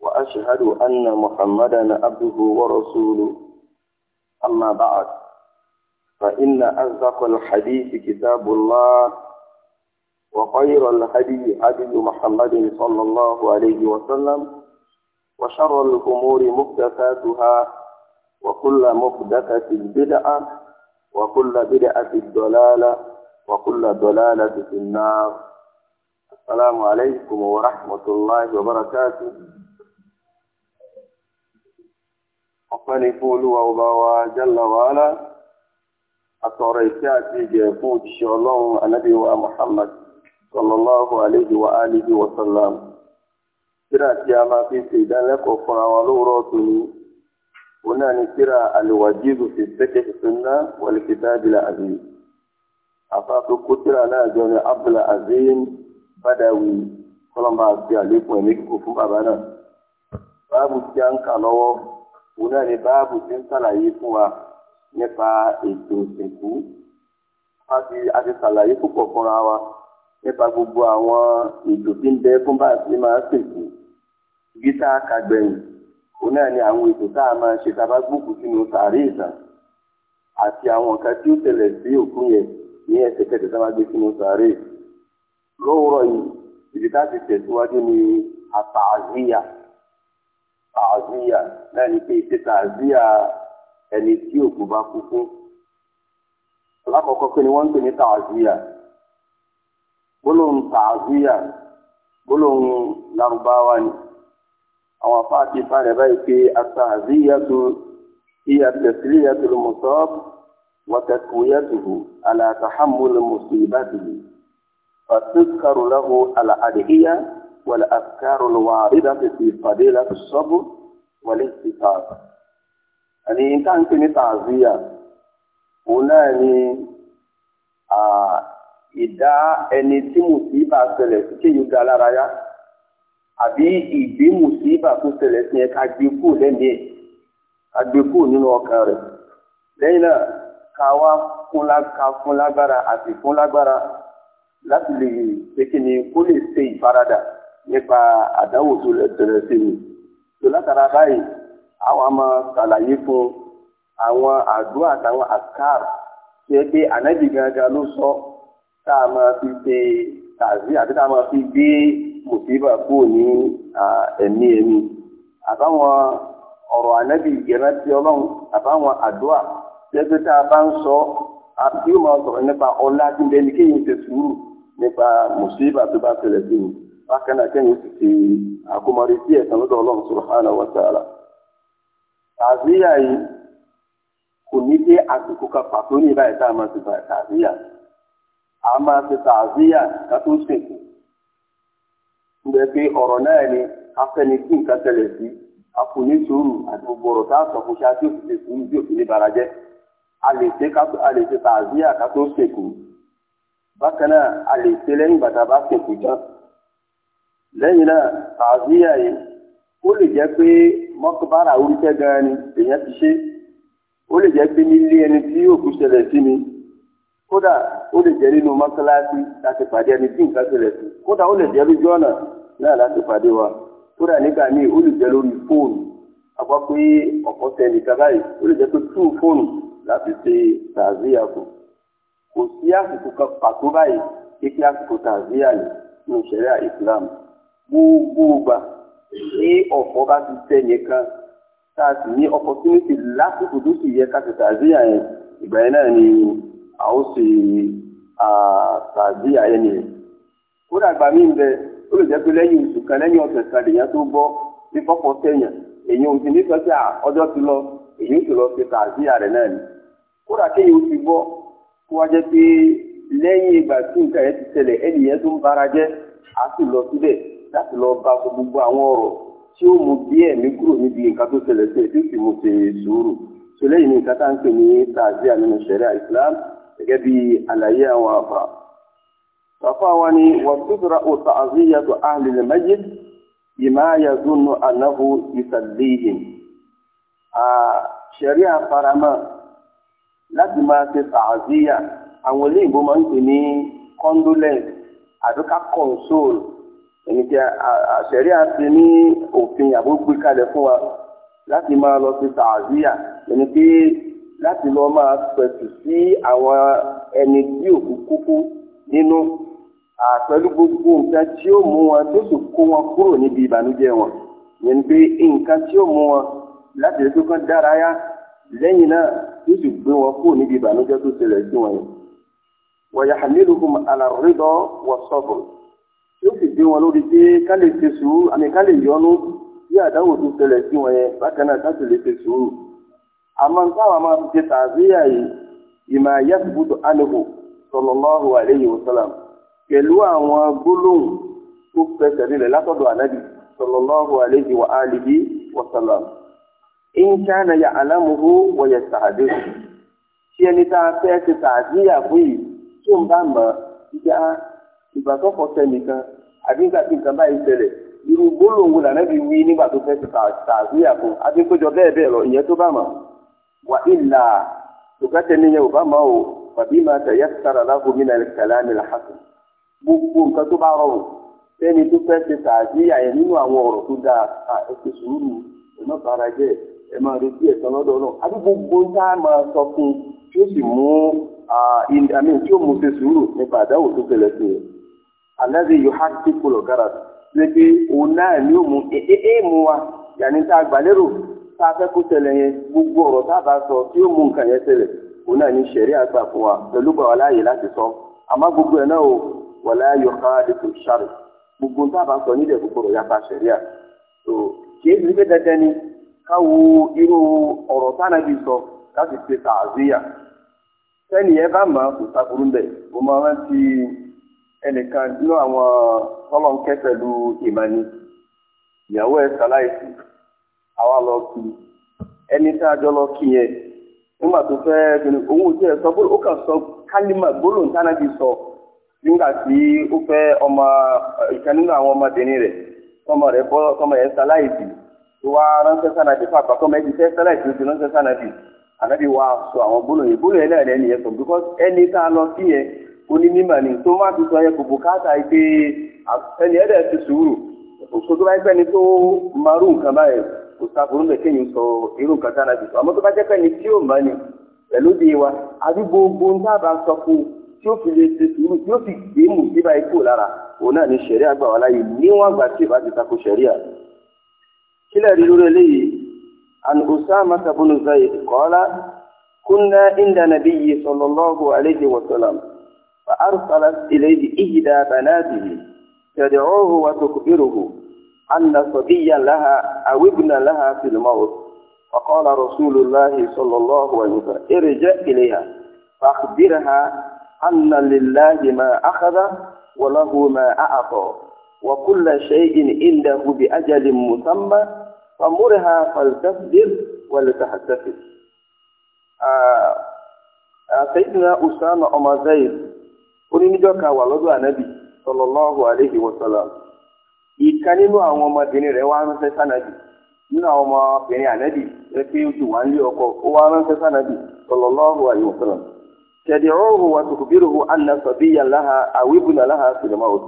وأشهد أن محمدا عبده ورسوله أما بعد فإن أصدق الحديث كتاب الله وخير الهدي هدي محمد صلى الله عليه وسلم وشر الأمور محدثاتها وكل محدثة بدعة وكل بدعة ضلالة وكل ضلالة في النار السلام عليكم ورحمة الله وبركاته ọpẹ́ ni fún olúwa ọba wa jalla wa ala àtọ̀rọ̀ ìfẹ́ àti ìjẹ fún òṣìṣẹ́ ọlọ́run anábì wa muhammad sallallahu alayhi wa alihi wa sallam tírà tí a máa fi ṣe ìdánilẹ́kọ̀ọ́ fún àwọn olóòrọ̀ ọ̀tún ni òun náà ni tírà al-wajiz fi fiqh sunnah wal kitab al kó tírà náà jọ ní abdul azim badawi kọ́lọ́mbà àti àlékún ẹ̀mí kíkó fún bàbá náà báàbù tí a ń kà lọ́wọ́ òun náà ni báàbù ti ń ṣàlàyé fún wa nípa ètò ìsìnkú a ti a ti ṣàlàyé púpọ̀ fúnra wa nípa gbogbo àwọn ètò tí ń bẹ fún bá a ti máa ń sìnkú gítà kagbẹ̀yìn òun náà ni àwọn ètò tá a máa ṣe tá a bá gbókùn sínú sàárè ìtàn àti àwọn nǹkan tí ó tẹ̀lẹ̀ sí òkú yẹn ní ẹsẹ̀kẹsẹ̀ tá a bá gbé sínú sàárè lówùrọ̀ yìí ibi tá a ti tẹ̀síwájú ni àtàzíyà tààzíyà náà ni pé ṣe tààzíyà ẹni tí òkú bá kú fún. alákọ̀ọ́kọ́ pé ni wọ́n ń pè ní tààzíyà gbólóhùn tààzíyà gbólóhùn lárúbáwá ni àwọn afáàtì ìfarẹ̀ báyìí pé àtààzíyà tó هي تسلية المصاب وتكويته على تحمل مصيبته فتذكر له الأدعية والأفكار الواردة في فضيلة الصبر والاستتاب يعني إن كان كني تعزية هنا ìdá ẹni tí mùsíbà ṣẹlẹ̀ sí kéyìí ga lára yá àbí ìgbé mùsíbà tó ṣẹlẹ̀ sí ẹ ká gbé kú lẹ́nu ẹ̀ ká gbé kú nínú ọkàn rẹ̀ lẹ́yìn náà ká wá fún lágbára àti fún lágbára láti lè pé kí ni kó lè ṣe ìfaradà nípa àdáwò tó lè tẹ̀lé sí mi tó látara báyìí àwọn àmọ́ ṣàlàyé fún àwọn àdúrà àtàwọn àkàr tí ẹ pé ànábì gangan ló sọ tá a máa fi ṣe tàbí àti tá a máa fi gbé mùsíbà kúrò ní ẹ̀mí ẹ̀mí àbáwọn ọ̀rọ̀ ànábì ìrántí ọlọ́run àbáwọn àdúrà tí ẹ pé tá a bá ń sọ àti yóò máa sọ̀rọ̀ nípa ọlá tí ń bẹ ní kéyìn ṣe sùúrù nípa mùsíbà tó bá ṣẹlẹ̀ sí mi bákan náà kẹ́yìn sì ti àkómọrí sí ẹ̀sán lọ́dọ̀ ọlọ́run subhanahu wa ta'ala. tààzíyà yìí kò ní dé àsìkò kan pàtó ní ìbáyìí tá a máa ti bàyìí tààzíyà. a máa ti tààzíyà ká tó ṣèkù. ǹjẹ́ pé ọ̀rọ̀ náà ni afẹ́ni tí nǹkan tẹ̀lẹ̀ sí àpò ní sùúrù àti gbogbo tá a sọ fún ṣe àti òfìsè sùúrù bí òfin ìbára jẹ́. a lè ṣe tààzíyà ká tó ṣèkù. bákan náà a lè ṣe lẹ́yìn bàtà bá ṣèkù tán lẹ́yìn náà tààzíyà yìí ó lè jẹ́ pé mọ́kàbára oríṣẹ́ gan ni èèyàn ti ṣe ó lè jẹ́ pé nílé ẹni tí òkú ṣẹlẹ̀ sí ni kódà ó lè jẹ́ nínú mọ́sálásí láti pàdé ẹni tí nǹkan ṣẹlẹ̀ sí kódà ó lè jẹ́ lójú ọ̀nà náà láti pàdé wa kódà nígbà míì ó lè jẹ́ lórí fóònù àgbà pé ọ̀pọ̀ tẹ̀lé kábàáyì ó lè jẹ́ pé tú fóònù láti ṣe tààzíyà kù kò sí àsìkò kan pàtó báyìí kíkí àsìkò tààzíyà ní ìṣẹ̀lẹ̀ Islam gbogbo ụba ní ọ̀fọ̀ bá ti tẹ̀ nìkan tá a sì ní opportunity lásìkò tó sì yẹ ká ti tàzíyà yẹn ìgbà yẹn náà ni a ó ṣe yẹn nìyẹn. kódà bẹ ó lè jẹ́ pé lẹ́yìn oṣù kan lẹ́yìn ọ̀sẹ̀ kan lèèyàn tó gbọ́ fọ́pọ̀ tẹ̀yàn ní ọjọ́ ti lọ èyí ni. kódà kéèyàn ó kó wá jẹ́ pé tó ń bara láti lọ bá gbogbo àwọn ọ̀rọ̀ tí ó mú bí ẹ̀mí kúrò níbi nǹkan tó ṣẹlẹ̀ sí ètò ìsìn mo ṣe sùúrù tó lẹ́yìn ní nǹkan tá à ń pè ní tààzíà nínú ṣẹ̀ríà Islam gẹ́gẹ́ bí àlàyé àwọn àfà. Bàbá wa ni wà tóbìrà ò tààzíyà tó àhìlì lè dúnú ànáhu ìsàlẹ́yìn. Ṣẹ̀ríà faramọ́ láti máa ṣe tààzíyà àwọn olóyìnbó máa ń pè ní condolence àdúkà console ẹni tí àṣẹrí àti ní òfin àbó gbé kalẹ̀ fún wa láti máa lọ sí tààzíà ẹni pé láti lọ máa pẹ̀tù sí àwọn ẹni tí òkú kúkú nínú àpẹlú gbogbo nǹkan tí ó mú wọn tó sì kó wọn kúrò níbi ìbànújẹ́ wọn ẹni pé nǹkan tí ó mú wọn láti lè tó kán dárayá lẹ́yìn náà tó sì gbé wọn kúrò níbi ìbànújẹ́ tó ṣẹlẹ̀ sí wọn yìí wọ̀yà hàmílùkùn alàrídọ́ wọ̀ yóò sì gbé wọn lórí pé ká lè ṣe sùúrù àmì ká lè yọnu bí àdáwò tó ṣẹlẹ̀ sí wọn yẹn bákan náà ká sì lè ṣe sùúrù. àmọ́ táwọn máa fi ṣe tààzíyà yìí ìmọ̀ yasubutu anahu sallallahu alayhi wa sallam pẹ̀lú àwọn gbólóhùn tó fẹsẹ̀ nílẹ̀ látọ̀dọ̀ ànábì sallallahu alayhi wa alihi wa sallam. in kana ya'lamuhu wa yastahdiru tí ìgbà tó kọ sẹ nìkan àbí nígbà tí nǹkan báyìí ṣẹlẹ̀ irú gbólóhùn lànà bí wí nígbà tó fẹ́ tààzíyà fún adépéjọ bẹ́ẹ̀ bẹ́ẹ̀ lọ ìyẹn tó bá mọ̀ wà ìlà tòkátẹ́ níyẹn ò bá mọ̀ o tàbí máa tẹ̀yẹ́ sára lágòmí náà kàlá ní làhásùn gbogbo nǹkan tó bá rọrùn sẹ́ni tó fẹ́ ṣe tààzíyà yẹn nínú àwọn ọ̀rọ̀ tó dáa ẹ ṣe sùúrù ẹ má bara jẹ́ ẹ máa retí ẹ̀san lọ́dọ̀ náà àbí gbogbo tá a máa sọ fún tí ó sì mú àmì tí ó mú ṣe sùúrù nípa àdáwò tó tẹ̀lẹ̀ sí yẹn alẹ́bí yóò há sí kúlò gara náà ni ó mú ee mú wa yàní tá a gbàlérò tá a fẹ́ kó tẹ̀lé yẹn gbogbo ọ̀rọ̀ tá sọ tí ó mú nǹkan yẹn tẹ̀lé òun náà ni sẹ̀rí àgbà fún wa pẹ̀lú bàwá láàyè láti sọ àmọ́ gbogbo ẹ̀ náà o wọ̀lá yóò há dìtò sáré gbogbo tá a bá sọ nílẹ̀ gbogbo ọ̀rọ̀ yàtọ̀ sẹ̀rí à tó kìí ṣe pé dandan ni ká irú ọ̀rọ̀ tánàbí sọ ẹnìkan nínú àwọn tọ́lọ́nkẹ́ ìmọ̀ni ìyàwó ẹ̀ sàláìsì àwa lọ kí ẹni tá a jọ lọ kí yẹn nígbà tó fẹ́ sọ ó kàn sọ kálímà ti sọ nígbà tí ó fẹ́ ọmọ ìkan nínú àwọn ọmọbìnrin rẹ̀ tọmọ rẹ̀ bọ́ tọmọ sàláìsì tó wá ránṣẹ́ sànàbí pàpà tọmọ ẹ̀ ti fẹ́ sàláìsì ti ránṣẹ́ sànàbí sọ àwọn yẹn yẹn náà onímọ̀ ni tó má ti sọ yẹ kò bùkátà yìí pé ẹni ẹ̀dẹ̀ ti sùúrù òṣù tó bá jẹ́ pẹ́ni tó marú nǹkan báyìí kò sàkóso bẹ̀ kéèyàn sọ irú nǹkan tá a nàbì sọ àmọ́ tó bá jẹ́ pẹ́ni tí ò mọ̀ ni pẹ̀lú di wa àbí gbogbo ń dábàá sọ fún tí ó fi lè ṣe sùúrù tí ó sì gbé mù sí báyìí kúrò lára òun náà ni ṣẹ̀rí àgbà wà láyé níwọ̀n àgbà tí ìbá ti tako ṣẹ̀rí à. kílẹ̀ rí lórí eléyìí an Usama bin Zayd qala kunna inda nabiyyi sallallahu alayhi wa فأرسلت إليه إحدى بناته تدعوه وتخبره أن صبيا لها أو ابنا لها في الموت فقال رسول الله صلى الله عليه وسلم ارجع إليها فأخبرها أن لله ما أخذ وله ما أعطى وكل شيء عنده بأجل مسمى فمرها فلتصبر ولتحتفل آه آه سيدنا أسامة عمر زيد oníníjọ́ kan wà lọ́dọ̀ ànábì sallallahu alaihi wasallam ìkan nínú àwọn ọmọbìnrin rẹ̀ wá ránṣẹ́ sànàbì nínú àwọn ọmọbìnrin ànábì rẹ̀ pé ojú wà nílé ọkọ ó wá ránṣẹ́ sànàbì sallallahu alaihi wasallam tẹ̀dẹ̀ọ́hù wa tukubiruhu anna sọ̀bíyà láha àwíbùnà láha sinimá o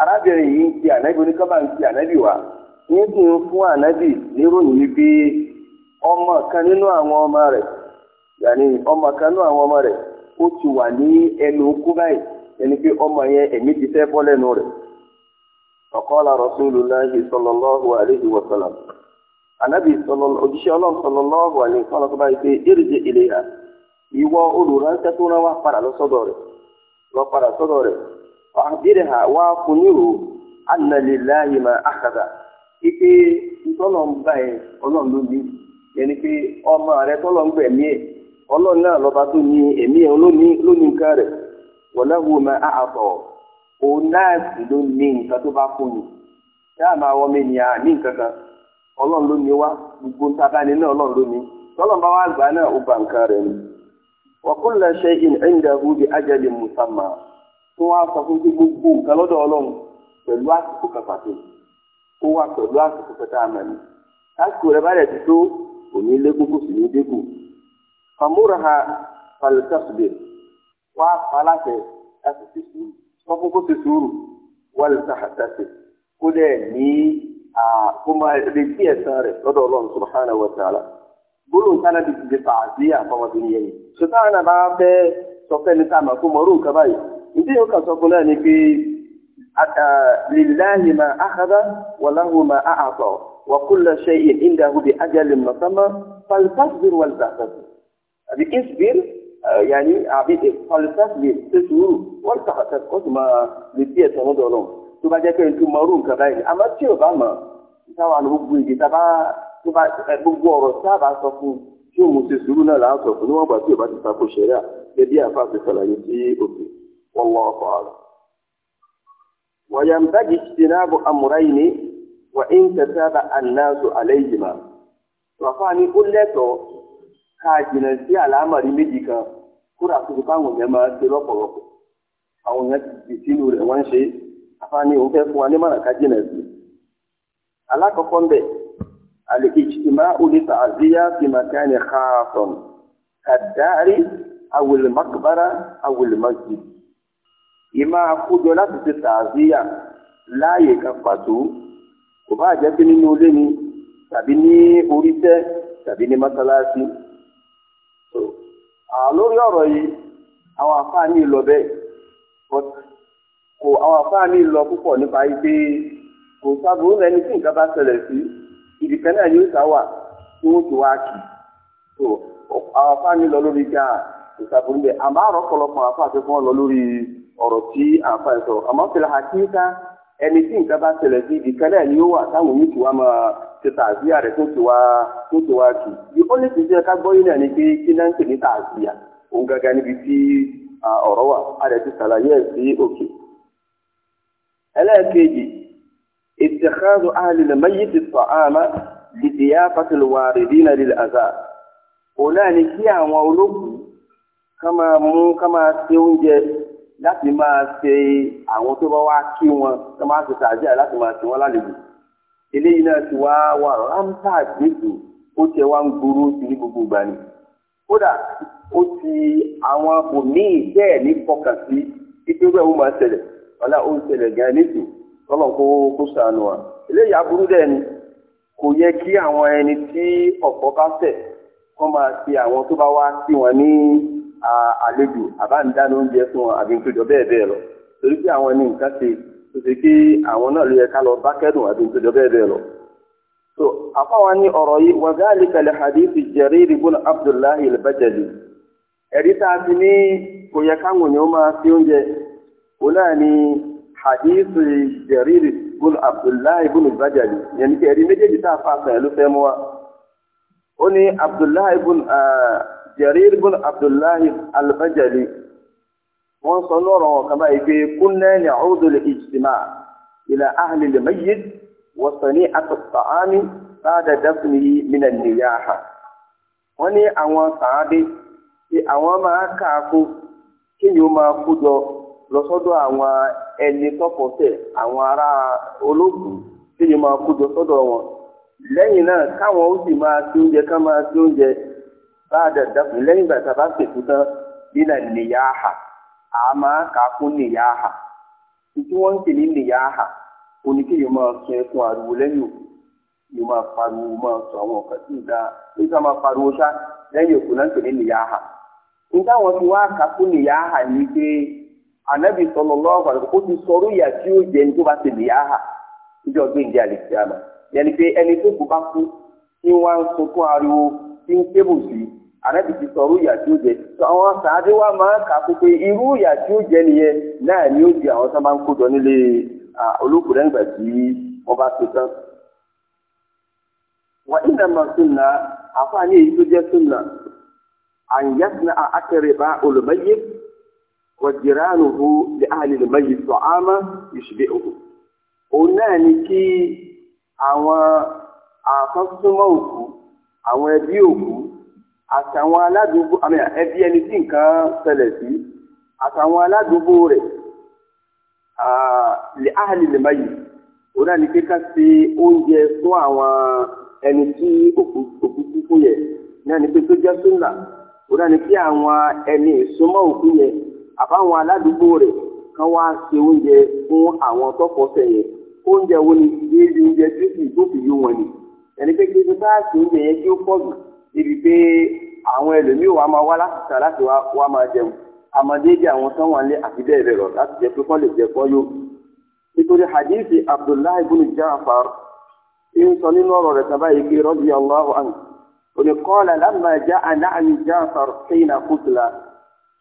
arábìnrin yìí ń ti ànábì ń ti ànábì wa ń fún ànábì níròyìn ọmọ kan nínú àwọn ọmọ rẹ̀ yàní ọmọ kan nínú àwọn ọmọ rẹ̀ otu ti wà ní ẹnu okú báyìí ẹni pé ọmọ yẹn ẹ̀mí ti fẹ́ bọ́ lẹ́nu rẹ̀. ọ̀kọ́lá wa anabi òjíṣẹ́ ọlọ́run sallallahu alayhi wa tó báyìí pé irji ilayha ìwọ olùránṣẹ́ tó rán wá padà lọ sọ́dọ̀ rẹ̀ lọ padà sọ́dọ̀ rẹ̀ àbírẹ̀ hà wá fún yìí anna lillahi ma ọlọ́run ló ní ọlọ́run náà lọ́ba tó ní ẹ̀mí ẹ̀ lónìí lónìí rẹ̀ wọ̀lẹ́hu ma àhàtọ̀ òun náà sì ló ní nǹkan tó bá fún mi ṣáà máa wọ́n mi nìyà ní nǹkan kan ọlọ́run ló ní wá gbogbo nǹkan náà ọlọ́run ló ní tọ́lọ́n bá wá gbà náà ó ba nǹkan rẹ̀ ni. bi ajalin musamma tó wá sọ fún pé gbogbo nǹkan lọ́dọ̀ ọlọ́run pẹ̀lú àsìkò kan famuraha falitasbir wá falafẹ ẹsẹ sọfún kó ti sùúrù walitahadasi kó dẹ ní kó máa retí ẹ̀san rẹ̀ lọ́dọ̀ Ọlọ́run subhanahu wa ta'ala gbólóhùn tánà ti ti fà á sí àfọwọ́dún yẹn ṣùgbọ́n àwọn àbá fẹ́ sọfẹ́ ní táàmà kó mọ̀ orúkọ báyìí ìdí yóò kà sọ fún náà ni pé lillahi ma akhadha wa lahu ma a'ata wa kullu shay'in indahu bi ajalin musamma falitasbir walitahadasi. بإصبر يعني àbí palisafili ṣe sùúrù wọ́n tàkàtà kó tó máa lè bí ẹ̀sán lọ́dọ̀ ọlọ́run tó bá jẹ́ pé nítorí máa rú nǹkan báyìí àmọ́ tí ò bá mọ̀ táwa ní gbogbo èdè tá bá gbogbo ọ̀rọ̀ tá a bá sọ fún tí òun ṣe sùúrù náà là á sọ fún níwọ̀n gbà tí ò bá ti ta kò ṣẹ̀rẹ́ à gẹ́gẹ́ àfa àti sàlàyé sí òkè wọ́n wọ́n ọkọ̀ rẹ̀. wàyàmbági ti náàbọ̀ amúráyìn ni wà ká jìnnà sí àlámọ̀rí méjì kan kódà tó ti fáwọn èèyàn máa ṣe lọ́pọ̀lọpọ̀ àwọn èèyàn ti di sínú rẹ̀ wọ́n ń ṣe afáàní òun fẹ́ fún wa ní mọ̀nà ká jìnnà sí. alákọ̀ọ́kọ́ ń bẹ̀ àlè ìjìmá oníta àzíyá fi màkà ní xaasọ̀n kàdáàrí awolmakbara awolmasjid. ìmá àkójọ láti ṣe tààzíyà láàyè kan pàtó kò bá jẹ́ nínú ilé ni tàbí ní orí tẹ́ tàbí ní mọ́sálásí lórí ọ̀rọ̀ yìí àwọn àfáàní lọ bẹ́ẹ̀ kò àwọn àfáàní lọ púpọ̀ nípa ipe kò sábò lẹni tí nǹkan bá ṣẹlẹ̀ sí ìdìkẹ́ náà yóò sá wà tí wọ́n ti wá kì so àwọn àfáàní lọ lórí gáà kò sábò ń bẹ àmọ́ àrọ́ pọ̀lọpọ̀ àfáà tó fún ọ lọ lórí ọ̀rọ̀ tí àfáà sọ àmọ́ fìlà àkíńká ẹni tí nǹkan bá ṣẹlẹ̀ sí ibi kan náà ni ó wà táwọn yìí ti máa ṣe tààzíà rẹ̀ tó ti wá tó ti wá kì í ó lè ti ṣe ká gbọ́ yín náà ni pé kí náà ń pè ní tààzíà òun gangan níbi tí ọ̀rọ̀ wà a rẹ̀ ti ṣàlàyé ẹ̀ sí òkè. ẹlẹ́ẹ̀kejì ìtẹ̀káàdù àhàlìlẹ̀ mẹ́yì ti sọ àmà lìdíyà fatiluwa rìdínà lílẹ̀ àzà òun náà ni kí àwọn olókùn ká máa mú ká máa ṣe oúnjẹ láti máa ṣe àwọn tó bá wá kí wọn tó máa ṣe tààjà láti máa ṣe wọn lálejò eléyìí náà ti wá wà ráńtà àgbègbè ó ti wá ń gbúrú sí ní gbogbo ìgbà ni kódà ó ti àwọn abòmíì bẹ́ẹ̀ ní fọkàn sí ipe bẹ́ẹ̀ ó máa ṣẹlẹ̀ wàlá ó ń ṣẹlẹ̀ gan nítò tọ́lọ̀ kó kó sànù wa eléyìí aburú dẹ̀ ni kò yẹ kí àwọn ẹni tí ọ̀pọ̀ bá fẹ̀ kọ́ máa ṣe àwọn tó bá wá sí wọn ní. àlejò àbá oúnjẹ fún wọn bẹ́ẹ̀ bẹ́ẹ̀ lọ torí pé àwọn nǹkan ṣe tó ṣe àwọn náà ló yẹ ká lọ bá kẹ́dùn so ní ọ̀rọ̀ yìí hadithi Abdullahi ẹ̀rí a ti ní kò yẹ káwọn èèyàn máa fi oúnjẹ kò náà ní hadithi Jarir ibn Abdullahi a ló fẹ́ mú wa jarir bin abdullahi al-bajali wọn sọ kama wọn kaba yìí pé kúnlẹ̀ ní ọ̀dọ̀ lè ìjìmá ilà ahli lè sọ ní àtọ̀tàámi sáadà dáfnihi ha. nìyáha wọ́n ní àwọn sàádé pé àwọn máa káàkó kéèyàn máa kó jọ lọ awon àwọn ẹni awon àwọn ará ológun kéèyàn ma kó jọ wọn lẹ́yìn náà káwọn ó sì máa oúnjẹ báàdà dàpọ̀ lẹ́yìn ìgbà tá a bá ṣètò tán lílà nìyáhà a máa kà á fún nìyáhà tí wọ́n ń ha ní nìyáhà oníkéyìí máa sọ ẹkún ariwo lẹ́yìn òkú máa pariwo máa sọ àwọn ọ̀kan tí ì dá máa pariwo ṣá lẹ́yìn òkú náà ń pè ní nìyáhà nígbà wọn ti wá kà fún nìyáhà ni pé ànábì sọlọ lọ́wọ́ ó ti sọrú ìyà tí ó jẹ ní tó bá nìyáhà gbẹ̀ǹdẹ̀ àlè àrẹ́bì ti sọ̀rọ̀ ìyà tí ó jẹ àwọn sàádé wa máa kà pé pé irú ìyà tí ó jẹ nìyẹn náà ni ó di àwọn tó máa ń kó jọ nílé olókùn lẹ́gbẹ̀ẹ́ tí wọ́n bá ṣe tán. wà ní ìlànà sunna àfààní èyí tó jẹ́ sunna àyàsínà àkẹrẹ̀bá olùmọ̀yé wàjìránùhù lè àlèlùmọ̀yé sọ̀ámà ìṣubẹ̀ òhù. òun náà ni kí àwọn àkọ́sọ́mọ́ òkú àwọn ẹbí òkú àtàwọn aládùúgbò àmì ẹbí ẹni tí nǹkan ṣẹlẹ̀ sí àtàwọn aládùúgbò rẹ̀ lè áhàlì lè máyì òun náà ní pé ká ṣe oúnjẹ fún àwọn ẹni tí òkú kúkú yẹ náà ní pé tó jẹ́ súnà òun náà ní pé àwọn ẹni ìsúnmọ́ òkú yẹ àbáwọn aládùúgbò rẹ̀ kan wá ṣe oúnjẹ fún àwọn tọkọtẹ̀ yẹn oúnjẹ wo ni déédéé oúnjẹ tí kì í tó fi yó wọn ni ẹni pé kí n bá ṣe oúnjẹ yẹn kí ó pọ̀ jù ibi pé àwọn ẹlòmíì wa máa wá láti ta láti wá máa jẹun àmọ̀déjì àwọn tán wà lé àti bẹ́ẹ̀ bẹ́ẹ̀ lọ láti jẹ pé kán lè jẹ kán yó. nítorí hadithi abdullahi ibn jaafar ń sọ nínú ọ̀rọ̀ rẹ̀ sábà yìí pé radiyallahu anhu òní kọ́ọ̀lá lámà já aláàmì jaafar kéyìnà kùtùlà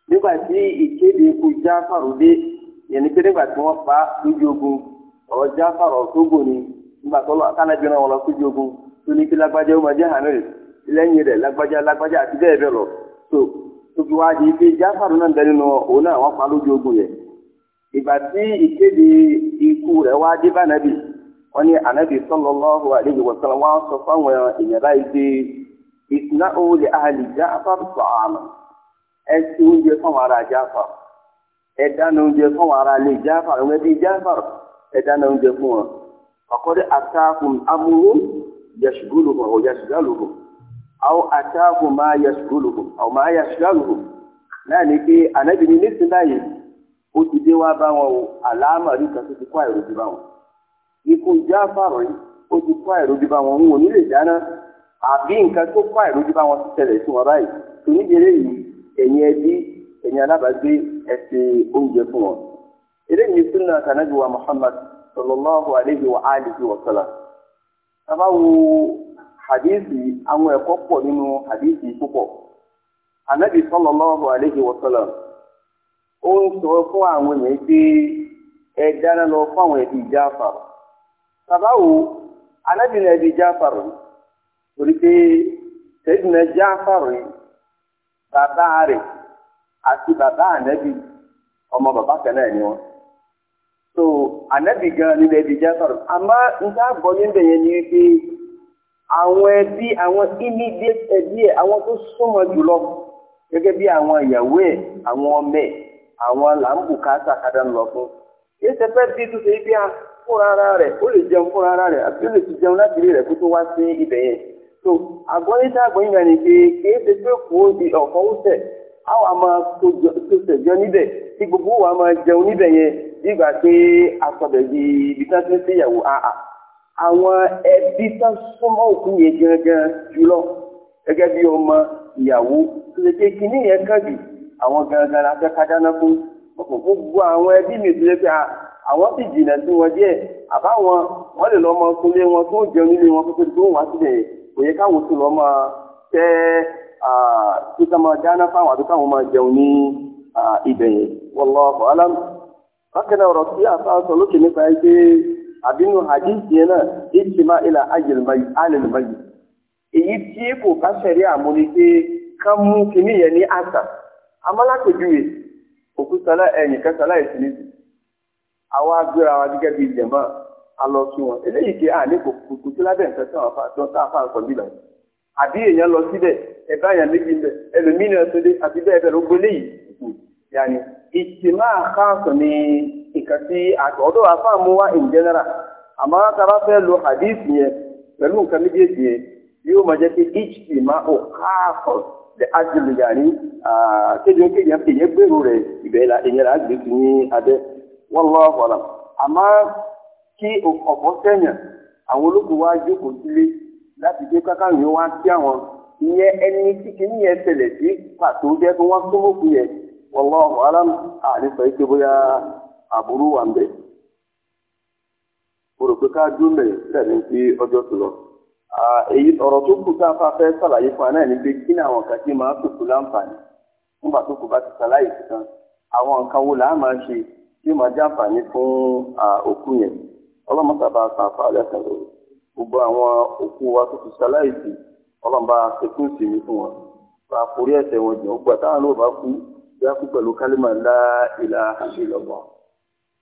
nígbà tí ìkéde ikú jaafar dé yẹnni pé nígbà tí wọ́n pa lójú ogun ọ̀rọ̀ jaafar ọ̀tógbò ni nígbà tó lọ kánà wọn lọ sójú ogun tó ní kí lágbájá ó máa jẹ́ hàmílì lẹ́yìn rẹ̀ lágbájá lágbájá àti bẹ́ẹ̀ bẹ́ẹ̀ lọ so tóbi di ike jáfàrú náà bẹ́ẹ̀ nínú òun náà wọ́n pa lójú ogun yẹn ìgbà tí ìkéde ikú rẹ̀ wá dé bá nàbì wọ́n ní ànábì sallallahu alaihi wa wọ́n sọ fáwọn èèyàn báyìí pé ìtìná owó lè àhàlì jáfàr sọ̀àmù ẹ ti oúnjẹ fáwọn ará jáfàr ẹ dáná oúnjẹ fáwọn ará lè jáfàr wọn bí jáfàr ẹ dáná oúnjẹ fún wọn. àtàkùn amúhó àwọn àtàgùn máa yẹ ṣùgbọ́lùkù àwọn máa yẹ ṣùgbọ́lùkù náà ni pé ànábì ní nísìn báyìí ó ti dé wá bá wọn o àlámà rí kan tó ti kó àìròjú bá wọn ikú jáfàrọ̀ yìí ó ti kó àìròjú bá wọn òun ò ní lè dáná àbí nǹkan tó kó àìròjú bá wọn ti sí wọn báyìí tó nídìí yìí ẹ̀yin ẹbí ẹ̀yin alábàágbé ẹ oúnjẹ fún wọn eléyìí súnà kànáàbí wa Muhammad sallallahu alayhi wa alihi wa sallam hadithi àwọn ẹ̀kọ́ pọ̀ nínú hadithi púpọ̀ anabi sallallahu alayhi wa ó ń sọ fún àwọn èèyàn pé ẹ dáná lọ fún àwọn ẹbí Jafar sàbáwo anabi náà ẹbí Jafar torí pé bàbá rẹ̀ àti bàbá ọmọ bàbá kan náà ni so anabi gan ẹbí àmọ́ gbọ́ níbẹ̀ yẹn ni wípé. àwọn ẹbí àwọn immediate ẹbí ẹ àwọn tó súnmọ́ jùlọ gẹ́gẹ́ bí àwọn ìyàwó ẹ àwọn ọmọ ẹ àwọn làǹbùkátà kàdá ń lọ fún yìí ṣe fẹ́ bí tó ṣe bí a fúnra ara rẹ̀ ó lè jẹun fúnra ara rẹ̀ àbí ó lè ti jẹun láti rí rẹ̀ kó tó wá sí ibẹ̀ yẹn so àgbọ̀nyíṣẹ́ àgbọ̀nyíṣẹ́ ni pé kìí ṣe pé kò di ọ̀kan ó tẹ̀ àwọn àmọ́ tó ṣẹ̀jọ́ níbẹ̀ tí gbogbo wa máa jẹun níbẹ̀ yẹn nígbà pé asọ̀bẹ̀ bíi ibi tí wọ́n ti ń ṣèyàwó àà àwọn ẹbí tán súnmọ́ òkú yẹn gangan jùlọ gẹ́gẹ́ bí ọmọ ìyàwó tó lè pé kínní yẹn kàn jù àwọn gangan la ka kájáná fún ọkọ̀ gbogbo àwọn ẹbí mi tó a. pé àwọn sì jìnà sí wọn díẹ̀ àbáwọn lè lọ́mọ wọn tó jẹun nílé wọn tó sílẹ̀ kò yẹ káwọn tó lọ́mọ tẹ́ dáná fáwọn máa jẹun ní àbínú hadisi yẹn náà ìtìmá ilà alìl mayyit èyí tí kò bá ṣẹ̀rí àmú ni asa. Amala mú kinní yẹn ní àṣà amálápèjúwe òkúsálá ẹ̀yìn kẹsàlá ìsinmi àwa agbéra wa gẹ́gẹ́ bíi jẹ̀mọ́ alọ sí wọn eléyìí a àní kò kò sí lábẹ́ nǹkan fa lọ síbẹ̀ ẹ̀bá èèyàn méjì ń bẹ̀ ẹlòmíràn ni nǹkan tí àtọ̀dọ̀ àfáà mú in general àmọ́ tábà fẹ́ lo hadith yẹn pẹ̀lú nǹkan méjèèjì yẹn yóò máa jẹ́ pé each team máa ò káàkọ̀ the agile yàní kéde ó kéde èyàn gbèrò rẹ̀ ìbẹ̀ la èyàn la, gbé sí ní abẹ́ wallahu alam àmọ́ kí ọ̀pọ̀ sẹ́yìn àwọn ológun wa jókòó sílé láti káká yìí wá sí àwọn ìyẹn ẹni tí kìíní yẹn sí pàtó jẹ́ kí wọ́n fún yẹn ìṣe bóyá aburú wà ń bẹ mo rò pé ká dúró tẹ̀lé sí ọjọ́ tó lọ. èyí ọ̀rọ̀ tó kù tá a fa fẹ́ ṣàlàyé fún wa náà pé kí ni àwọn kan ṣe máa ń láǹfààní nígbà tó fún òkú yẹn gbogbo àwọn òkú wa tó ti sí sí mi fún wọn bá a forí ẹ̀ṣẹ̀ wọn jù ó gbà táwọn náà bá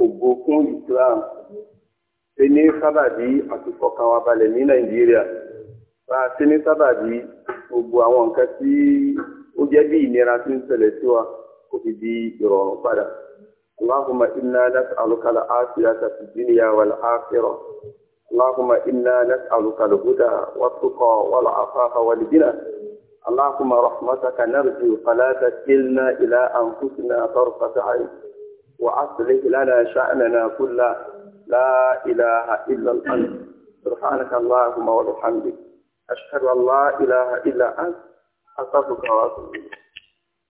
ògo fún Islam ṣe ní sábàbí àtìfọkàn wa balẹ̀ ní Nàìjíríà bá a ṣe ní sábàbí gbogbo àwọn nǹkan tí ó jẹ́ bí ìnira tí ń ṣẹlẹ̀ sí wa kò fi di ìrọ̀rùn padà. اللهم إنا نسألك العافية في الدنيا والآخرة اللهم إنا نسألك الهدى والتقى والعفاف والغنى اللهم رحمتك نرجو فلا تكلنا إلى أنفسنا طرفة عين وأصلح لنا شأننا كله لا إله إلا أنت سبحانك اللهم وبحمدك أشهد أن لا إله إلا أنت أستغفرك وأتوب إليك